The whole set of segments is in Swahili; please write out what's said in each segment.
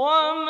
وما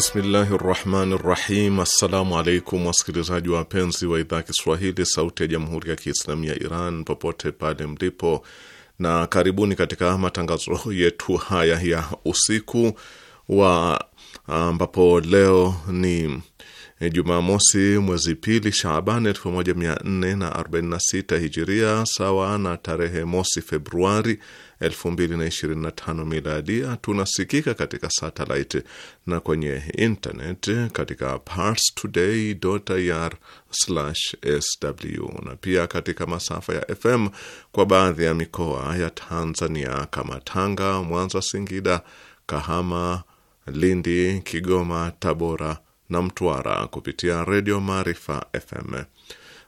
Bismillahi rahmani rahim. Assalamu alaikum wasikilizaji wapenzi wa idhaa Kiswahili sauti ya jamhuri ya Kiislamu ya Iran popote pale mlipo, na karibuni katika matangazo yetu haya ya usiku wa ambapo leo ni Jumamosi mwezi pili Shaaban 1446 hijiria sawa na tarehe mosi Februari 2025 miladia. Tunasikika katika satellite na kwenye internet katika parstoday.ir/sw na pia katika masafa ya FM kwa baadhi ya mikoa ya Tanzania kama Tanga, Mwanza, Singida, Kahama, Lindi, Kigoma, Tabora na Mtwara kupitia Redio Maarifa FM.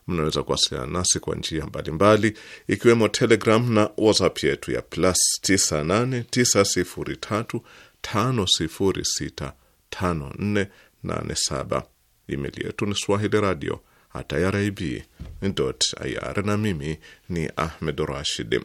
Mnaweza kuwasiliana nasi kwa njia mbalimbali, ikiwemo Telegram na WhatsApp yetu ya plus 989035065487. Email yetu ni swahili radio irib.ir, na mimi ni Ahmed Rashid.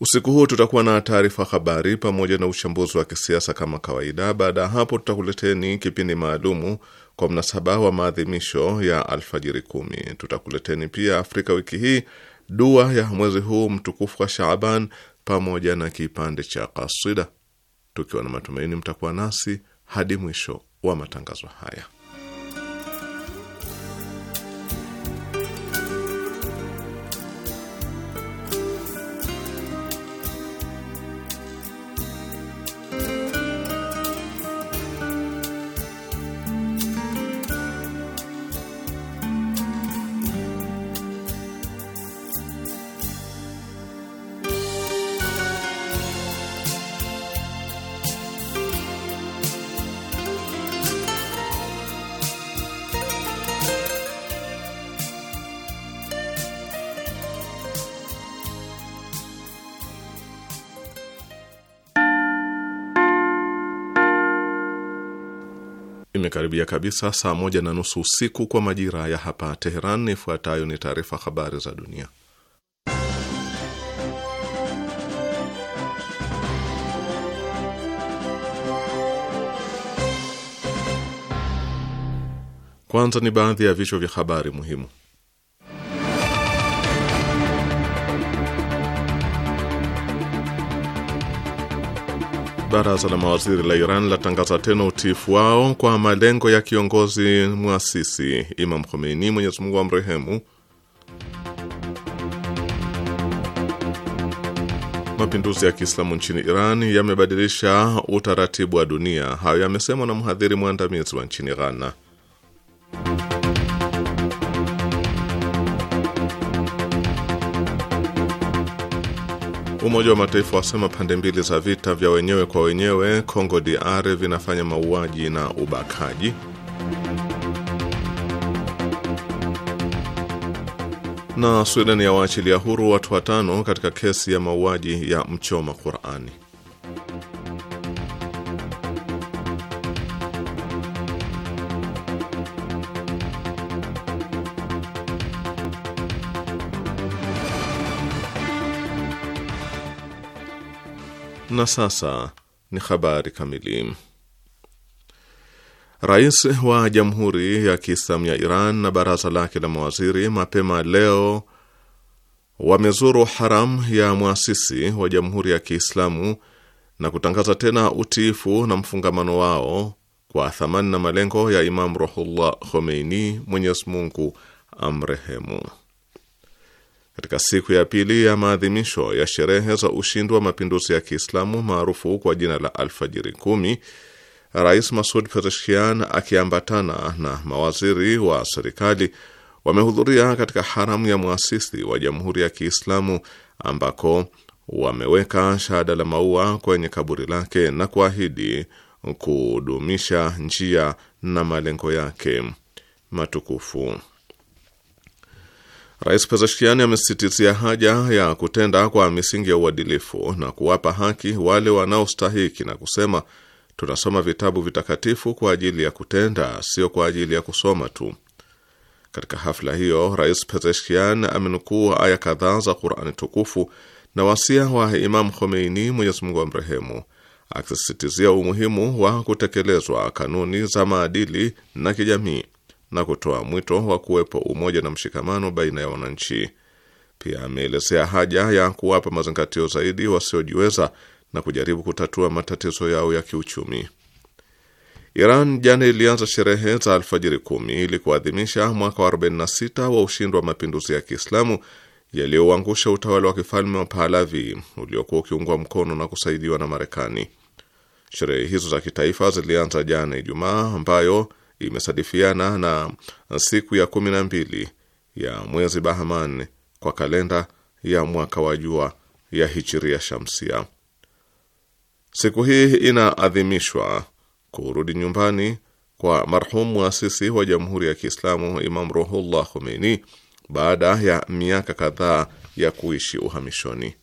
Usiku huu tutakuwa na taarifa habari pamoja na uchambuzi wa kisiasa kama kawaida. Baada ya hapo, tutakuleteni kipindi maalumu kwa mnasaba wa maadhimisho ya alfajiri kumi. Tutakuleteni pia Afrika wiki hii, dua ya mwezi huu mtukufu wa Shaaban pamoja na kipande cha kasida, tukiwa na matumaini mtakuwa nasi hadi mwisho wa matangazo haya. Imekaribia kabisa saa moja na nusu usiku kwa majira ya hapa Teheran. Ifuatayo ni taarifa habari za dunia. Kwanza ni baadhi ya vichwa vya habari muhimu. Baraza la mawaziri la Iran latangaza tena utiifu wao kwa malengo ya kiongozi mwasisi Imam Khomeini, Mwenyezi Mungu amrehemu. Mapinduzi ya Kiislamu nchini Iran yamebadilisha utaratibu wa dunia. Hayo yamesemwa na mhadhiri mwandamizi wa nchini Ghana. Umoja wa Mataifa wasema pande mbili za vita vya wenyewe kwa wenyewe Kongo DR vinafanya mauaji na ubakaji. Na Sweden yawaachilia huru watu watano katika kesi ya mauaji ya mchoma Qurani. Na sasa ni habari kamili. Rais wa Jamhuri ya Kiislamu ya Iran na baraza lake la mawaziri mapema leo wamezuru haram ya mwasisi wa Jamhuri ya Kiislamu na kutangaza tena utiifu na mfungamano wao kwa thamani na malengo ya Imam Ruhullah Khomeini, Mwenyezi Mungu amrehemu. Katika siku ya pili ya maadhimisho ya sherehe za ushindi wa mapinduzi ya Kiislamu maarufu kwa jina la Alfajiri kumi, Rais Masud Pezeshkian akiambatana na mawaziri wa serikali wamehudhuria katika haramu ya mwasisi wa Jamhuri ya Kiislamu ambako wameweka shahada la maua kwenye kaburi lake na kuahidi kudumisha njia na malengo yake matukufu. Rais pezeshkian amesisitizia haja ya kutenda kwa misingi ya uadilifu na kuwapa haki wale wanaostahiki na kusema, tunasoma vitabu vitakatifu kwa ajili ya kutenda, sio kwa ajili ya kusoma tu. Katika hafla hiyo, Rais Pezeshkian amenukuu aya kadhaa za Qurani tukufu na wasia wa Imam Khomeini, Mwenyezi Mungu amrehemu, akisisitizia umuhimu wa kutekelezwa kanuni za maadili na kijamii na kutoa mwito wa kuwepo umoja na mshikamano baina ya wananchi. Pia ameelezea haja ya kuwapa mazingatio zaidi wasiojiweza na kujaribu kutatua matatizo yao ya kiuchumi. Iran jana ilianza sherehe za alfajiri kumi ili kuadhimisha mwaka wa 46 wa ushindi wa mapinduzi ya Kiislamu yaliyouangusha utawala wa kifalme wa Pahlavi uliokuwa ukiungwa mkono na kusaidiwa na Marekani. Sherehe hizo za kitaifa zilianza jana Ijumaa, ambayo imesadifiana na siku ya kumi na mbili ya mwezi Bahman kwa kalenda ya mwaka wa jua ya hijiria shamsia. Siku hii inaadhimishwa kurudi nyumbani kwa marhumu mwasisi wa Jamhuri ya Kiislamu Imam Ruhullah Khomeini baada ya miaka kadhaa ya kuishi uhamishoni.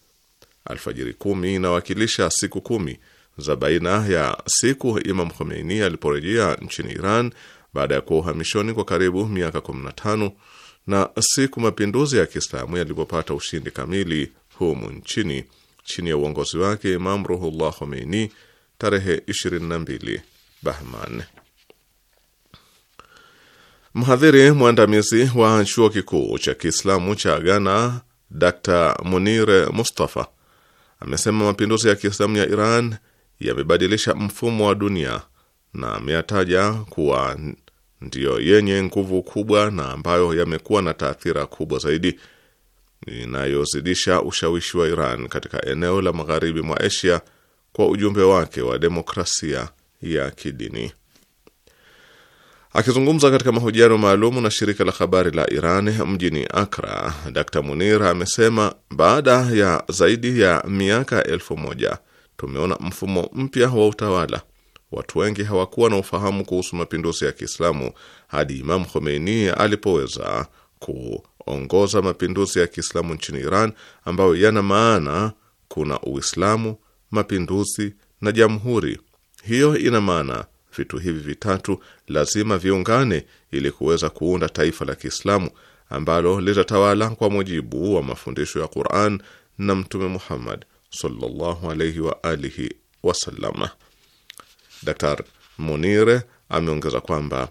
Alfajiri kumi inawakilisha siku kumi za baina ya siku Imam Khomeini aliporejea nchini Iran baada ya kuwa uhamishoni kwa karibu miaka 15 na siku mapinduzi ya Kiislamu yalipopata ushindi kamili humu nchini chini ya uongozi wake Imam Ruhullah Khomeini tarehe 22 Bahman. Mhadhiri mwandamizi wa chuo kikuu cha Kiislamu cha Ghana Dr Munir Mustafa amesema mapinduzi ya Kiislamu ya Iran yamebadilisha mfumo wa dunia na ameyataja kuwa ndiyo yenye nguvu kubwa na ambayo yamekuwa na taathira kubwa zaidi inayozidisha ushawishi wa Iran katika eneo la magharibi mwa Asia kwa ujumbe wake wa demokrasia ya kidini. Akizungumza katika mahojiano maalumu na shirika la habari la Iran mjini Akra, Dr Munir amesema baada ya zaidi ya miaka elfu moja tumeona mfumo mpya wa utawala. Watu wengi hawakuwa na ufahamu kuhusu mapinduzi ya Kiislamu hadi Imam Khomeini alipoweza kuongoza mapinduzi ya Kiislamu nchini Iran, ambayo yana maana kuna Uislamu, mapinduzi na jamhuri. Hiyo ina maana vitu hivi vitatu lazima viungane ili kuweza kuunda taifa la Kiislamu ambalo litatawala kwa mujibu wa mafundisho ya Quran na Mtume Muhammad sallallahu alayhi wa alihi wasallam. Dr. Munir ameongeza kwamba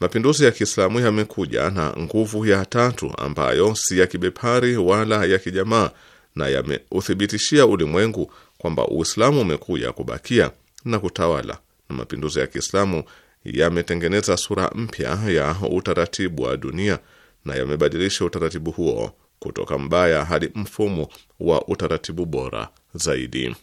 mapinduzi ya Kiislamu yamekuja na nguvu ya tatu ambayo si ya kibepari wala ya kijamaa, na yameuthibitishia ulimwengu kwamba Uislamu umekuja kubakia na kutawala, na mapinduzi ya Kiislamu yametengeneza sura mpya ya utaratibu wa dunia na yamebadilisha utaratibu huo kutoka mbaya hadi mfumo wa utaratibu bora zaidi.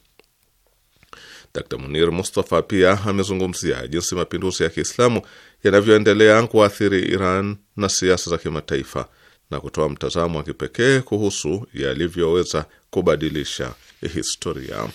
Dr. Munir Mustafa pia amezungumzia jinsi mapinduzi ya Kiislamu yanavyoendelea kuathiri Iran na siasa za kimataifa na kutoa mtazamo wa kipekee kuhusu yalivyoweza kubadilisha historia.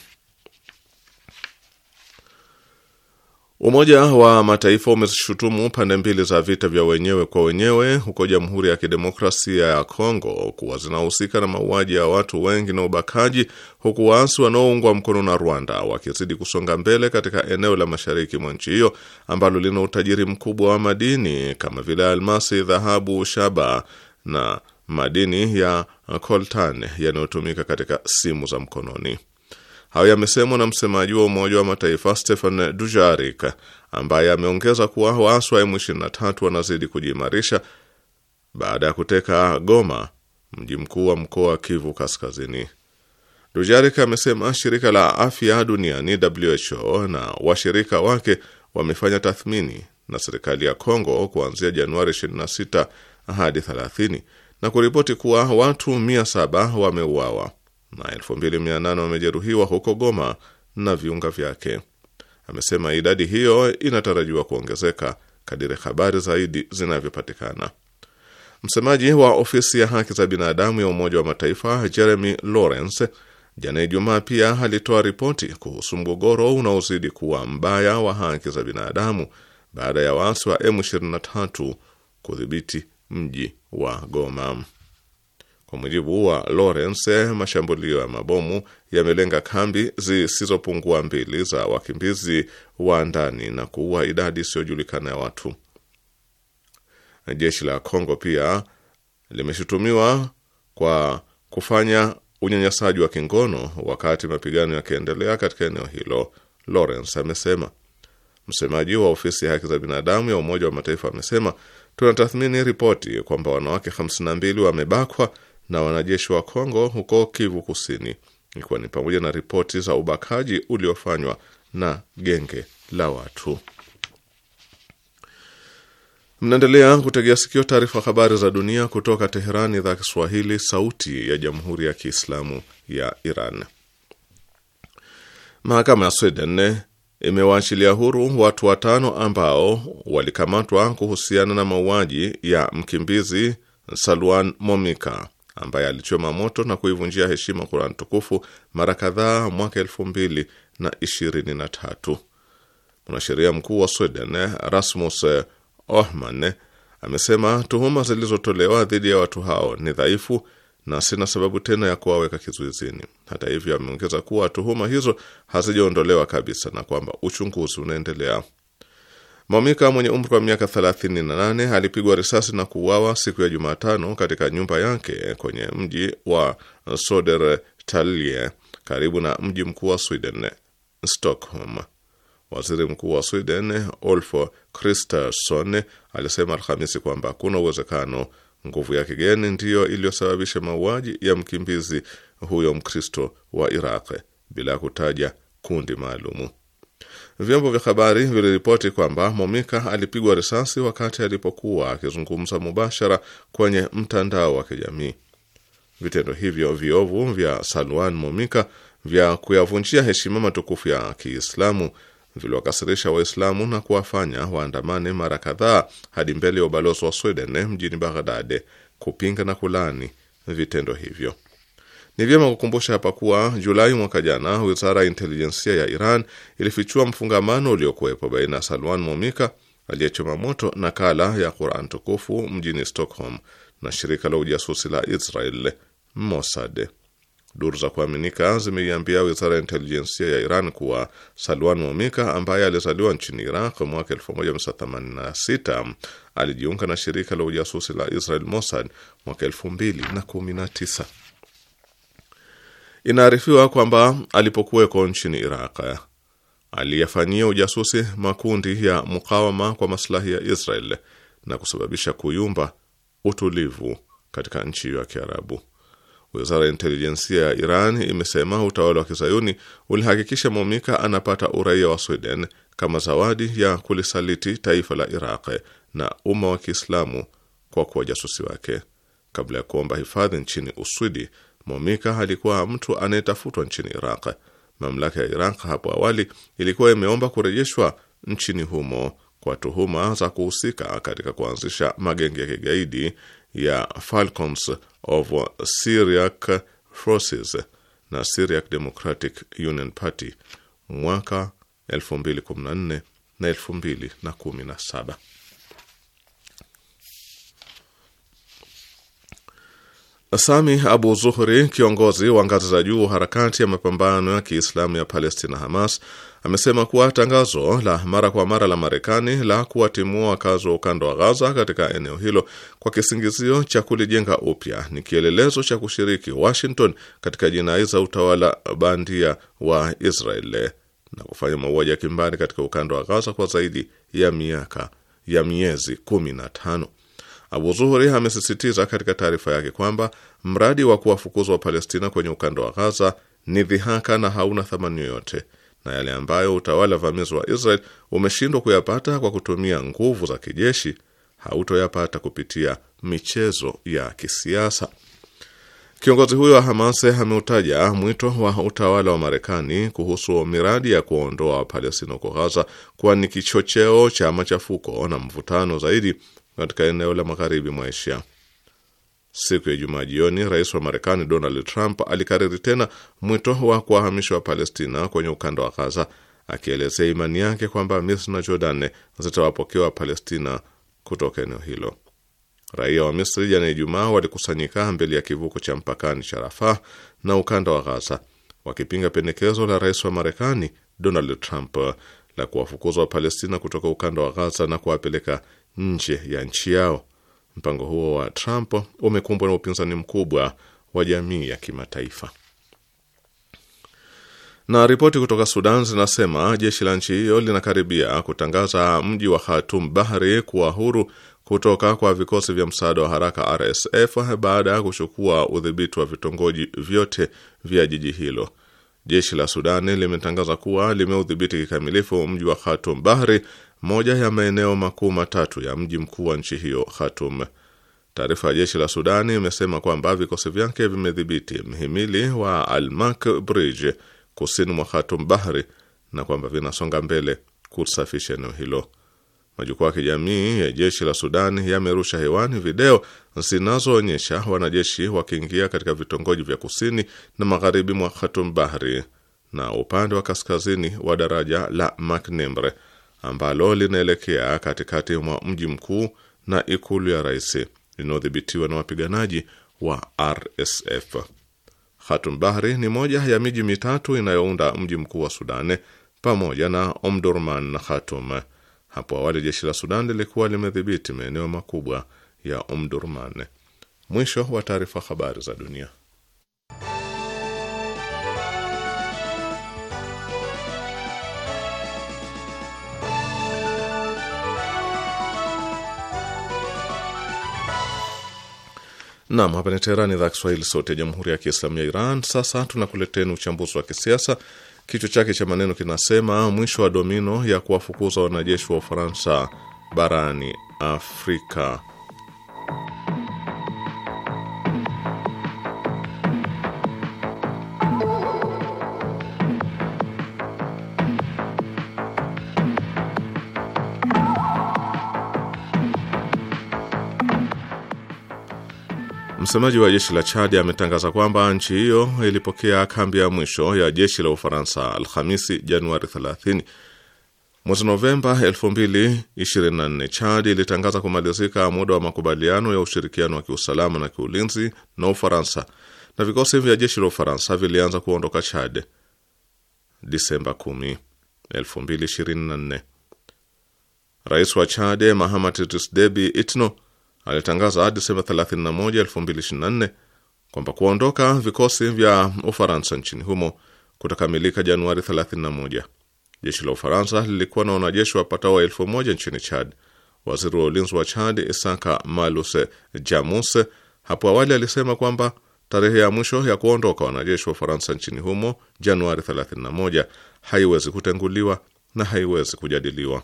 Umoja wa Mataifa umeshutumu pande mbili za vita vya wenyewe kwa wenyewe huko Jamhuri ya Kidemokrasia ya Kongo kuwa zinahusika na mauaji ya watu wengi na ubakaji, huku waasi wanaoungwa mkono na Rwanda wakizidi kusonga mbele katika eneo la mashariki mwa nchi hiyo ambalo lina utajiri mkubwa wa madini kama vile almasi, dhahabu, shaba na madini ya coltan yanayotumika katika simu za mkononi. Hayo yamesemwa na msemaji wa Umoja wa Mataifa Stephen Dujarik ambaye ameongeza kuwa waasi wa M23 wanazidi kujiimarisha baada ya kuteka Goma, mji mkuu wa mkoa wa Kivu Kaskazini. Dujarik amesema shirika la afya duniani WHO na washirika wake wamefanya tathmini na serikali ya Kongo kuanzia Januari 26 hadi 30 na kuripoti kuwa watu 700 wameuawa na 2800 wamejeruhiwa huko Goma na viunga vyake. Amesema idadi hiyo inatarajiwa kuongezeka kadiri habari zaidi zinavyopatikana. Msemaji wa ofisi ya haki za binadamu ya Umoja wa Mataifa Jeremy Lawrence jana Ijumaa pia alitoa ripoti kuhusu mgogoro unaozidi kuwa mbaya wa haki za binadamu baada ya waasi wa M23 kudhibiti mji wa Goma. Kwa mujibu wa Lawrence, mashambulio ya mabomu yamelenga kambi zisizopungua mbili za wakimbizi wa ndani na kuua idadi isiyojulikana ya watu. Jeshi la Kongo pia limeshutumiwa kwa kufanya unyanyasaji wa kingono wakati mapigano yakiendelea katika eneo hilo, Lawrence amesema. Msemaji wa ofisi ya haki za binadamu ya Umoja wa Mataifa amesema, tunatathmini ripoti kwamba wanawake 52 wamebakwa na wanajeshi wa Kongo huko Kivu Kusini, ikiwa ni pamoja na ripoti za ubakaji uliofanywa na genge la watu. Mnaendelea kutegea sikio taarifa habari za dunia kutoka Teherani, idhaa Kiswahili, sauti ya jamhuri ya kiislamu ya Iran. Mahakama ya Sweden imewaachilia huru watu watano ambao walikamatwa kuhusiana na mauaji ya mkimbizi Salwan Momika ambaye alichoma moto na kuivunjia heshima Qur'an tukufu mara kadhaa mwaka elfu mbili na ishirini na tatu. Mwanasheria mkuu wa Sweden Rasmus Ohman amesema tuhuma zilizotolewa dhidi ya watu hao ni dhaifu na sina sababu tena ya kuwaweka kizuizini. Hata hivyo, ameongeza kuwa tuhuma hizo hazijaondolewa kabisa na kwamba uchunguzi unaendelea. Momika mwenye umri wa miaka 38 alipigwa risasi na kuuawa siku ya Jumatano katika nyumba yake kwenye mji wa Södertälje karibu na mji mkuu wa Sweden, Stockholm. Waziri mkuu wa Sweden Ulf Kristersson alisema Alhamisi kwamba kuna uwezekano nguvu ya kigeni ndiyo iliyosababisha mauaji ya mkimbizi huyo Mkristo wa Iraq bila kutaja kundi maalumu. Vyombo vya habari viliripoti kwamba Momika alipigwa risasi wakati alipokuwa akizungumza mubashara kwenye mtandao wa kijamii. Vitendo hivyo viovu vya Salwan Momika vya kuyavunjia heshima matukufu ya Kiislamu viliwakasirisha Waislamu na kuwafanya waandamane mara kadhaa hadi mbele ya ubalozi wa Sweden mjini Baghdad kupinga na kulaani vitendo hivyo. Ni vyema kukumbusha hapa kuwa Julai mwaka jana wizara ya intelijensia ya Iran ilifichua mfungamano uliokuwepo baina ya Salwan Momika aliyechoma moto nakala ya Quran tukufu mjini Stockholm na shirika la ujasusi la Israel Mossad. Duru za kuaminika zimeiambia wizara ya intelijensia ya Iran kuwa Salwan Momika ambaye alizaliwa nchini Iraq mwaka 1986 alijiunga na shirika la ujasusi la Israel Mossad mwaka 2019. Inaarifiwa kwamba alipokuweko nchini Iraq aliyafanyia ujasusi makundi ya mukawama kwa maslahi ya Israel na kusababisha kuyumba utulivu katika nchi hiyo ya Kiarabu. Wizara ya intelijensia ya Iran imesema utawala wa kizayuni ulihakikisha Momika anapata uraia wa Sweden kama zawadi ya kulisaliti taifa la Iraq na umma wa Kiislamu kwa kuwa jasusi wake. Kabla ya kuomba hifadhi nchini Uswidi, Momika alikuwa mtu anayetafutwa nchini Iraq. Mamlaka ya Iraq hapo awali ilikuwa imeomba kurejeshwa nchini humo kwa tuhuma za kuhusika katika kuanzisha magenge ya kigaidi ya Falcons of Syriac Forces na Syriac Democratic Union Party mwaka 2014 na 2017. Sami Abu Zuhri, kiongozi wa ngazi za juu harakati ya mapambano ya Kiislamu ya Palestina, Hamas, amesema kuwa tangazo la mara kwa mara la Marekani la kuwatimua wakazi wa ukanda wa Ghaza katika eneo hilo kwa kisingizio cha kulijenga upya ni kielelezo cha kushiriki Washington katika jinai za utawala bandia wa Israel na kufanya mauaji ya kimbari katika ukanda wa Ghaza kwa zaidi ya miaka ya miezi kumi na tano. Abu Zuhuri amesisitiza katika taarifa yake kwamba mradi wa kuwafukuzwa wapalestina kwenye ukanda wa Ghaza ni dhihaka na hauna thamani yoyote, na yale ambayo utawala vamizi wa Israel umeshindwa kuyapata kwa kutumia nguvu za kijeshi hautoyapata kupitia michezo ya kisiasa. Kiongozi huyo wa Hamas ameutaja mwito wa utawala wa Marekani kuhusu miradi ya kuondoa Wapalestina huko Ghaza kuwa ni kichocheo cha machafuko na mvutano zaidi katika eneo la magharibi mwa Asia. Siku ya Jumaa jioni, rais wa Marekani Donald Trump alikariri tena mwito wa kuwahamisha wa Palestina kwenye ukanda wa Ghaza, akielezea imani yake kwamba Misri na Jordan zitawapokea palestina kutoka eneo hilo. Raia wa Misri jana Ijumaa walikusanyika mbele ya kivuko cha mpakani cha Rafah na ukanda wa Ghaza wakipinga pendekezo la rais wa Marekani Donald Trump la kuwafukuzwa Wapalestina kutoka ukanda wa Ghaza na kuwapeleka nje ya nchi yao. Mpango huo wa Trump umekumbwa na upinzani mkubwa wa jamii ya kimataifa. Na ripoti kutoka Sudan zinasema jeshi la nchi hiyo linakaribia kutangaza mji wa Khartoum Bahri kuwa huru kutoka kwa vikosi vya msaada wa haraka RSF baada ya kuchukua udhibiti wa vitongoji vyote vya jiji hilo. Jeshi la Sudani limetangaza kuwa limeudhibiti kikamilifu mji wa Khartoum Bahri moja ya maeneo makuu matatu ya mji mkuu wa nchi hiyo Khartoum. Taarifa ya jeshi la Sudani imesema kwamba vikosi vyake vimedhibiti mhimili wa Almak Bridge kusini mwa Khartoum Bahri na kwamba vinasonga mbele kusafisha eneo hilo. Majukwaa ya kijamii ya jeshi la Sudani yamerusha hewani video zinazoonyesha wanajeshi wakiingia katika vitongoji vya kusini na magharibi mwa Khartoum Bahri na upande wa kaskazini wa daraja la McNemre ambalo linaelekea katikati mwa mji mkuu na ikulu ya rais linaodhibitiwa na wapiganaji wa RSF. Khatun Bahri ni moja ya miji mitatu inayounda mji mkuu wa Sudan pamoja na Omdurman na Khatum. Hapo awali jeshi la Sudan lilikuwa limedhibiti maeneo makubwa ya Omdurman. Mwisho wa taarifa. Habari za dunia. Nam, hapa ni Teherani, idhaa Kiswahili, sauti ya jamhuri ya kiislamu ya Iran. Sasa tunakuleteni uchambuzi wa kisiasa, kichwa chake cha maneno kinasema mwisho wa domino ya kuwafukuza wanajeshi wa Ufaransa barani Afrika. Msemaji wa jeshi la Chadi ametangaza kwamba nchi hiyo ilipokea kambi ya mwisho ya jeshi la Ufaransa Alhamisi, Januari 30. Mwezi Novemba 2024 Chad ilitangaza kumalizika muda wa makubaliano ya ushirikiano wa kiusalama na kiulinzi na Ufaransa, na vikosi vya jeshi la Ufaransa vilianza kuondoka Chad Disemba 10, 2024. Rais wa Chad Mahamat Idriss Deby Itno alitangaza hadi 31, 2024 kwamba kuondoka vikosi vya Ufaransa nchini humo kutakamilika Januari 31. Jeshi la Ufaransa lilikuwa na wanajeshi wapatao elfu moja nchini Chad. Waziri wa ulinzi wa Chad Isaka maluse Jamus hapo awali alisema kwamba tarehe ya mwisho ya kuondoka wanajeshi wa Ufaransa nchini humo Januari 31 haiwezi kutenguliwa na haiwezi kujadiliwa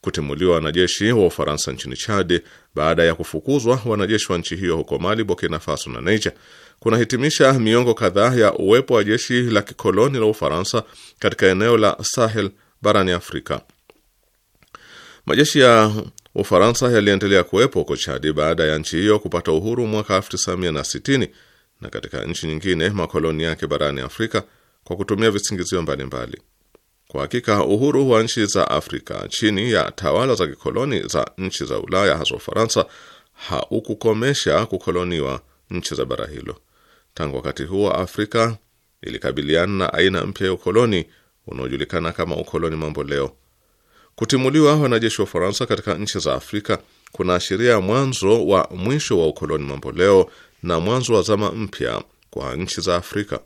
kutimuliwa wanajeshi wa Ufaransa nchini Chad baada ya kufukuzwa wanajeshi wa nchi hiyo huko Mali, Burkina Faso na Niger kunahitimisha miongo kadhaa ya uwepo wa jeshi la kikoloni la Ufaransa katika eneo la Sahel barani Afrika. Majeshi ya Ufaransa yaliendelea kuwepo huko Chadi baada ya nchi hiyo kupata uhuru mwaka 1960 na katika nchi nyingine makoloni yake barani Afrika kwa kutumia visingizio mbalimbali mbali. Kwa hakika uhuru wa nchi za Afrika chini ya tawala za kikoloni za nchi za Ulaya, hasa Ufaransa, haukukomesha kukoloniwa nchi za bara hilo. Tangu wakati huo, Afrika ilikabiliana na aina mpya ya ukoloni unaojulikana kama ukoloni mambo leo. Kutimuliwa wanajeshi wa Ufaransa katika nchi za Afrika kunaashiria mwanzo wa mwisho wa ukoloni mambo leo na mwanzo wa zama mpya kwa nchi za Afrika.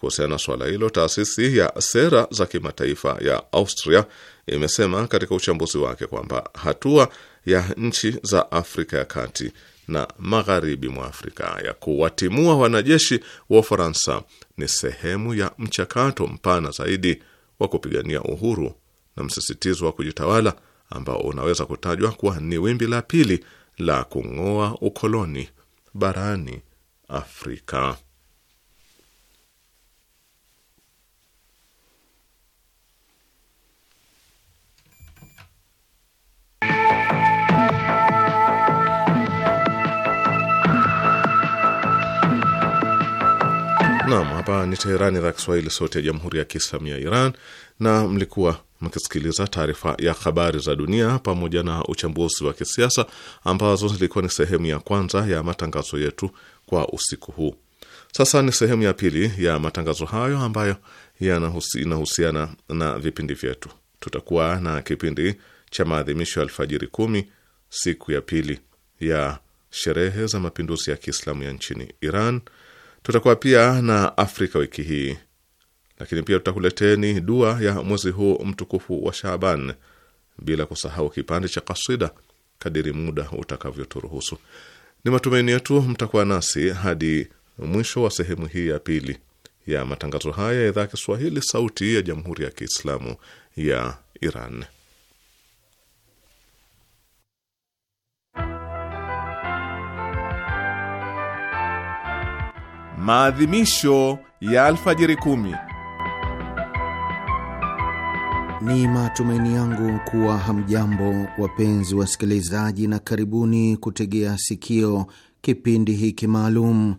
Kuhusiana na suala hilo, taasisi ya sera za kimataifa ya Austria imesema katika uchambuzi wake kwamba hatua ya nchi za Afrika ya kati na magharibi mwa Afrika ya kuwatimua wanajeshi wa Ufaransa ni sehemu ya mchakato mpana zaidi wa kupigania uhuru na msisitizo wa kujitawala ambao unaweza kutajwa kuwa ni wimbi la pili la kung'oa ukoloni barani Afrika. Naam, hapa ni Teherani, idhaa Kiswahili, sauti ya jamhuri ya kiislamu ya Iran, na mlikuwa mkisikiliza taarifa ya habari za dunia pamoja na uchambuzi wa kisiasa ambazo zilikuwa ni sehemu ya kwanza ya matangazo yetu kwa usiku huu. Sasa ni sehemu ya pili ya matangazo hayo ambayo na, na vipindi vyetu. Tutakuwa na kipindi cha maadhimisho ya alfajiri kumi siku ya pili ya sherehe za mapinduzi ya Kiislamu ya nchini Iran Tutakuwa pia na Afrika wiki hii, lakini pia tutakuleteni dua ya mwezi huu mtukufu wa Shaaban, bila kusahau kipande cha kasida kadiri muda utakavyoturuhusu. Ni matumaini yetu mtakuwa nasi hadi mwisho wa sehemu hii ya pili ya matangazo haya ya idhaa ya Kiswahili, Sauti ya Jamhuri ya Kiislamu ya Iran. Maadhimisho ya alfajiri kumi. Ni matumaini yangu kuwa hamjambo, wapenzi wasikilizaji, na karibuni kutegea sikio kipindi hiki maalum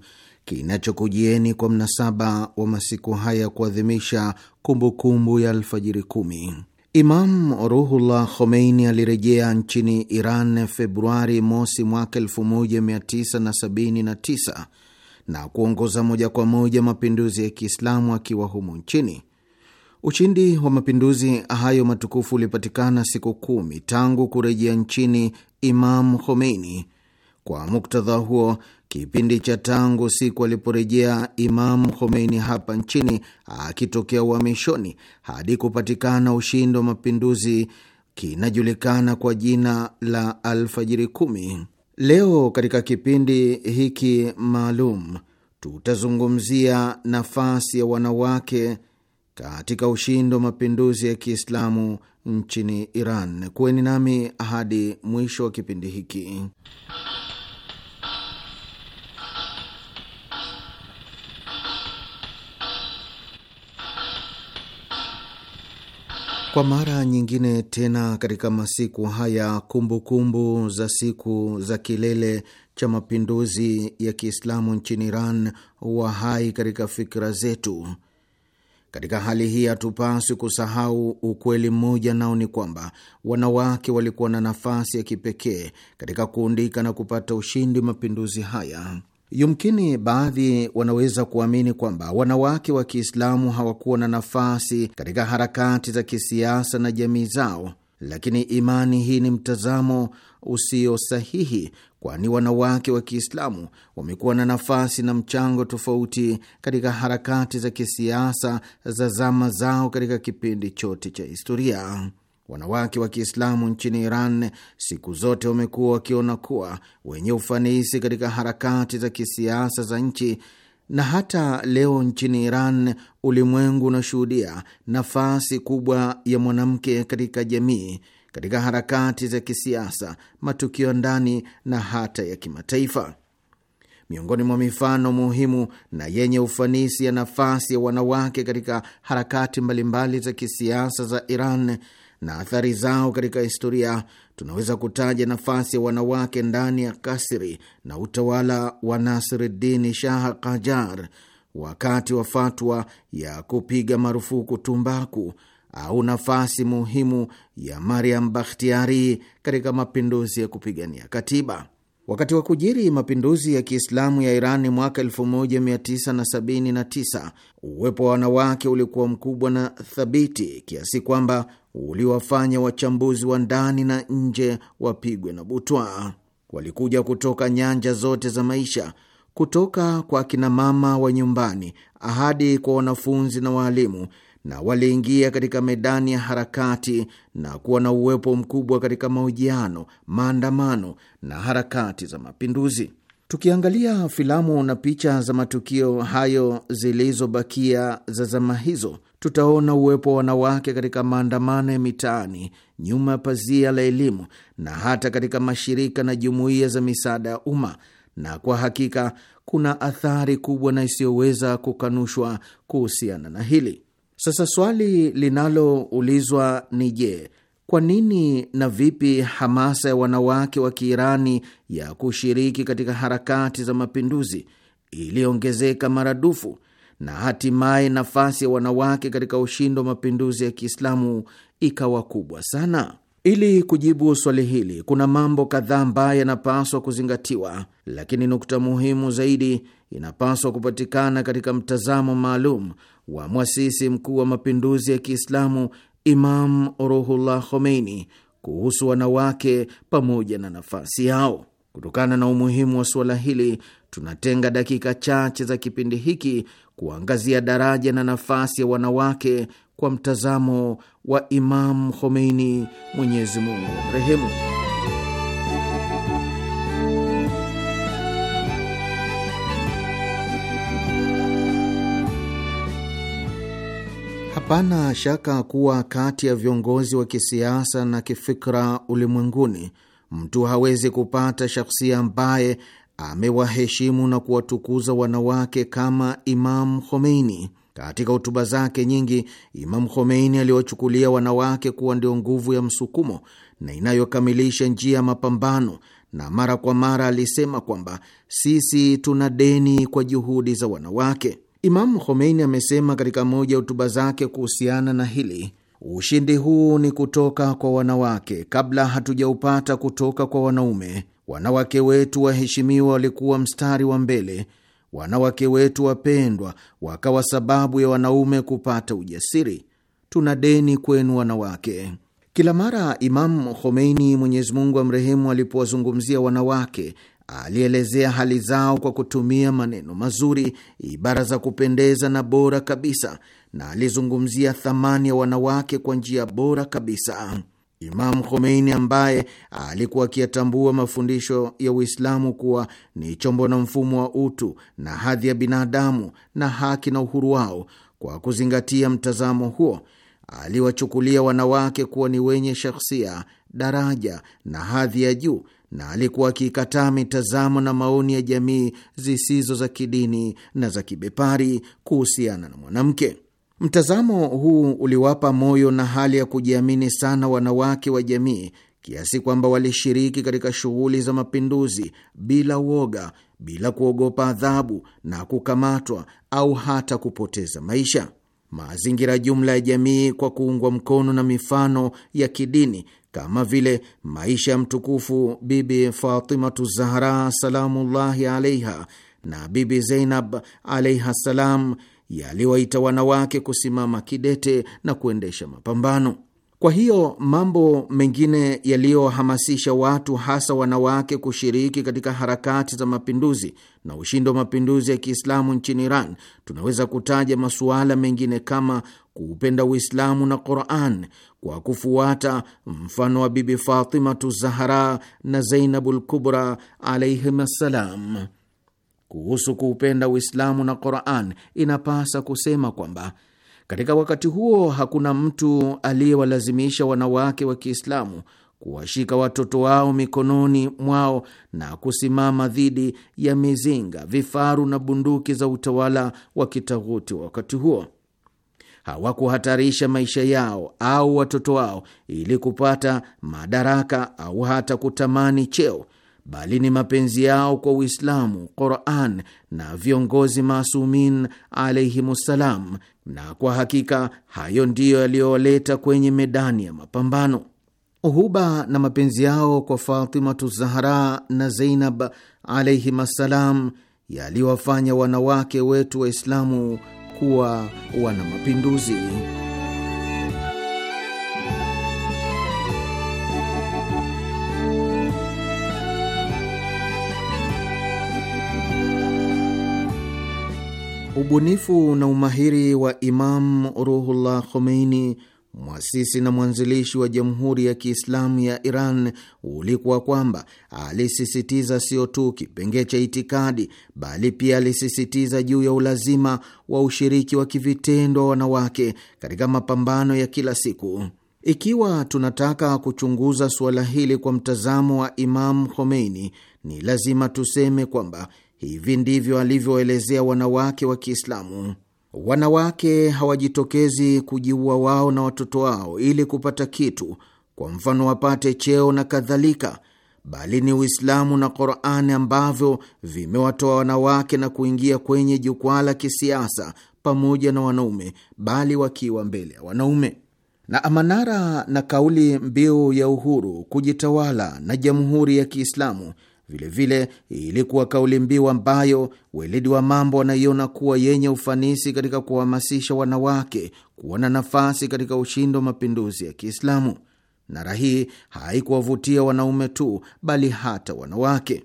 kinachokujieni kwa mnasaba wa masiku haya kuadhimisha kumbukumbu ya alfajiri kumi. Imam Ruhullah Khomeini alirejea nchini Iran Februari mosi mwaka 1979 na kuongoza moja kwa moja mapinduzi ya Kiislamu akiwa humo nchini. Ushindi wa mapinduzi hayo matukufu ulipatikana siku kumi tangu kurejea nchini Imam Khomeini. Kwa muktadha huo, kipindi cha tangu siku aliporejea Imam Khomeini hapa nchini akitokea uhamishoni hadi kupatikana ushindi wa mapinduzi kinajulikana kwa jina la Alfajiri Kumi. Leo katika kipindi hiki maalum tutazungumzia nafasi ya wanawake katika ushindi wa mapinduzi ya Kiislamu nchini Iran. Kuweni nami hadi mwisho wa kipindi hiki. Kwa mara nyingine tena katika masiku haya kumbukumbu kumbu za siku za kilele cha mapinduzi ya Kiislamu nchini Iran wa hai katika fikra zetu. Katika hali hii hatupaswi kusahau ukweli mmoja, nao ni kwamba wanawake walikuwa na nafasi ya kipekee katika kuundika na kupata ushindi mapinduzi haya. Yumkini baadhi wanaweza kuamini kwamba wanawake wa Kiislamu hawakuwa na nafasi katika harakati za kisiasa na jamii zao, lakini imani hii ni mtazamo usio sahihi, kwani wanawake wa Kiislamu wamekuwa na nafasi na mchango tofauti katika harakati za kisiasa za zama zao katika kipindi chote cha historia. Wanawake wa Kiislamu nchini Iran siku zote wamekuwa wakiona kuwa wenye ufanisi katika harakati za kisiasa za nchi, na hata leo nchini Iran ulimwengu unashuhudia nafasi kubwa ya mwanamke katika jamii, katika harakati za kisiasa, matukio ndani na hata ya kimataifa. Miongoni mwa mifano muhimu na yenye ufanisi ya nafasi ya wanawake katika harakati mbalimbali za kisiasa za Iran na athari zao katika historia, tunaweza kutaja nafasi ya wanawake ndani ya kasri na utawala wa Nasiruddin Shah Kajar wakati wa fatwa ya kupiga marufuku tumbaku au nafasi muhimu ya Mariam Bakhtiari katika mapinduzi ya kupigania katiba. Wakati wa kujiri mapinduzi ya Kiislamu ya Irani mwaka 1979 uwepo wa wanawake ulikuwa mkubwa na thabiti kiasi kwamba uliwafanya wachambuzi wa ndani na nje wapigwe na butwa. Walikuja kutoka nyanja zote za maisha, kutoka kwa akinamama wa nyumbani hadi kwa wanafunzi na waalimu, na waliingia katika medani ya harakati na kuwa na uwepo mkubwa katika mahojiano, maandamano na harakati za mapinduzi. Tukiangalia filamu na picha za matukio hayo zilizobakia za zama hizo, tutaona uwepo wa wanawake katika maandamano ya mitaani, nyuma ya pazia la elimu, na hata katika mashirika na jumuiya za misaada ya umma. Na kwa hakika kuna athari kubwa na isiyoweza kukanushwa kuhusiana na hili. Sasa swali linaloulizwa ni je, kwa nini na vipi hamasa ya wanawake wa Kiirani ya kushiriki katika harakati za mapinduzi iliongezeka maradufu na hatimaye nafasi ya wanawake katika ushindi wa mapinduzi ya Kiislamu ikawa kubwa sana? Ili kujibu swali hili, kuna mambo kadhaa ambayo yanapaswa kuzingatiwa, lakini nukta muhimu zaidi inapaswa kupatikana katika mtazamo maalum wa mwasisi mkuu wa mapinduzi ya Kiislamu Imam Ruhullah Khomeini kuhusu wanawake pamoja na nafasi yao. Kutokana na umuhimu wa suala hili, tunatenga dakika chache za kipindi hiki kuangazia daraja na nafasi ya wanawake kwa mtazamo wa Imam Khomeini, Mwenyezi Mungu mrehemu. Hapana shaka kuwa kati ya viongozi wa kisiasa na kifikra ulimwenguni, mtu hawezi kupata shakhsia ambaye amewaheshimu na kuwatukuza wanawake kama Imam Khomeini. Katika hotuba zake nyingi, Imam Khomeini aliwachukulia wanawake kuwa ndio nguvu ya msukumo na inayokamilisha njia ya mapambano, na mara kwa mara alisema kwamba sisi tuna deni kwa juhudi za wanawake. Imamu Khomeini amesema katika moja ya hotuba zake kuhusiana na hili, ushindi huu ni kutoka kwa wanawake kabla hatujaupata kutoka kwa wanaume. Wanawake wetu waheshimiwa walikuwa mstari wa mbele. Wanawake wetu wapendwa wakawa sababu ya wanaume kupata ujasiri. Tuna deni kwenu wanawake. Kila mara Imamu Khomeini, Mwenyezi Mungu amrehemu, alipowazungumzia wanawake alielezea hali zao kwa kutumia maneno mazuri, ibara za kupendeza na bora kabisa, na alizungumzia thamani ya wanawake kwa njia bora kabisa. Imam Khomeini ambaye alikuwa akiyatambua mafundisho ya Uislamu kuwa ni chombo na mfumo wa utu na hadhi ya binadamu na haki na uhuru wao, kwa kuzingatia mtazamo huo, aliwachukulia wanawake kuwa ni wenye shakhsia, daraja na hadhi ya juu na alikuwa akiikataa mitazamo na maoni ya jamii zisizo za kidini na za kibepari kuhusiana na mwanamke. Mtazamo huu uliwapa moyo na hali ya kujiamini sana wanawake wa jamii kiasi kwamba walishiriki katika shughuli za mapinduzi bila woga, bila kuogopa adhabu na kukamatwa au hata kupoteza maisha. Mazingira jumla ya jamii, kwa kuungwa mkono na mifano ya kidini, kama vile maisha ya mtukufu Bibi Fatimatu Zahra salamullahi alaiha na Bibi Zeinab alaiha salam yaliwaita wanawake kusimama kidete na kuendesha mapambano. Kwa hiyo mambo mengine yaliyohamasisha watu hasa wanawake kushiriki katika harakati za mapinduzi na ushindi wa mapinduzi ya Kiislamu nchini Iran, tunaweza kutaja masuala mengine kama kuupenda Uislamu na Quran kwa kufuata mfano wa Bibi Fatimatu Zahara na Zainabul Kubra alaihim assalam. Kuhusu kuupenda Uislamu na Quran, inapasa kusema kwamba katika wakati huo hakuna mtu aliyewalazimisha wanawake wa Kiislamu kuwashika watoto wao mikononi mwao na kusimama dhidi ya mizinga, vifaru na bunduki za utawala wa kitaghuti wa wakati huo. Hawakuhatarisha maisha yao au watoto wao ili kupata madaraka au hata kutamani cheo bali ni mapenzi yao kwa Uislamu, Quran na viongozi masumin alaihimussalam, na kwa hakika hayo ndiyo yaliyowaleta kwenye medani ya mapambano. Uhuba na mapenzi yao kwa Fatimatu Zahra na Zeinab alaihimassalam yaliwafanya wanawake wetu Waislamu kuwa wana mapinduzi. Ubunifu na umahiri wa Imam Ruhullah Khomeini, mwasisi na mwanzilishi wa Jamhuri ya Kiislamu ya Iran, ulikuwa kwamba alisisitiza sio tu kipengee cha itikadi, bali pia alisisitiza juu ya ulazima wa ushiriki wa kivitendo wa wanawake katika mapambano ya kila siku. Ikiwa tunataka kuchunguza suala hili kwa mtazamo wa Imam Khomeini, ni lazima tuseme kwamba Hivi ndivyo alivyoelezea wanawake wa Kiislamu: wanawake hawajitokezi kujiua wao na watoto wao ili kupata kitu, kwa mfano wapate cheo na kadhalika, bali ni Uislamu na Korani ambavyo vimewatoa wanawake na kuingia kwenye jukwaa la kisiasa pamoja na wanaume, bali wakiwa mbele ya wanaume na amanara na kauli mbiu ya uhuru, kujitawala na jamhuri ya Kiislamu Vilevile ilikuwa kauli mbiu ambayo weledi wa mambo wanaiona kuwa yenye ufanisi katika kuhamasisha wanawake kuona nafasi katika ushindi wa mapinduzi ya Kiislamu. Nara hii haikuwavutia wanaume tu, bali hata wanawake.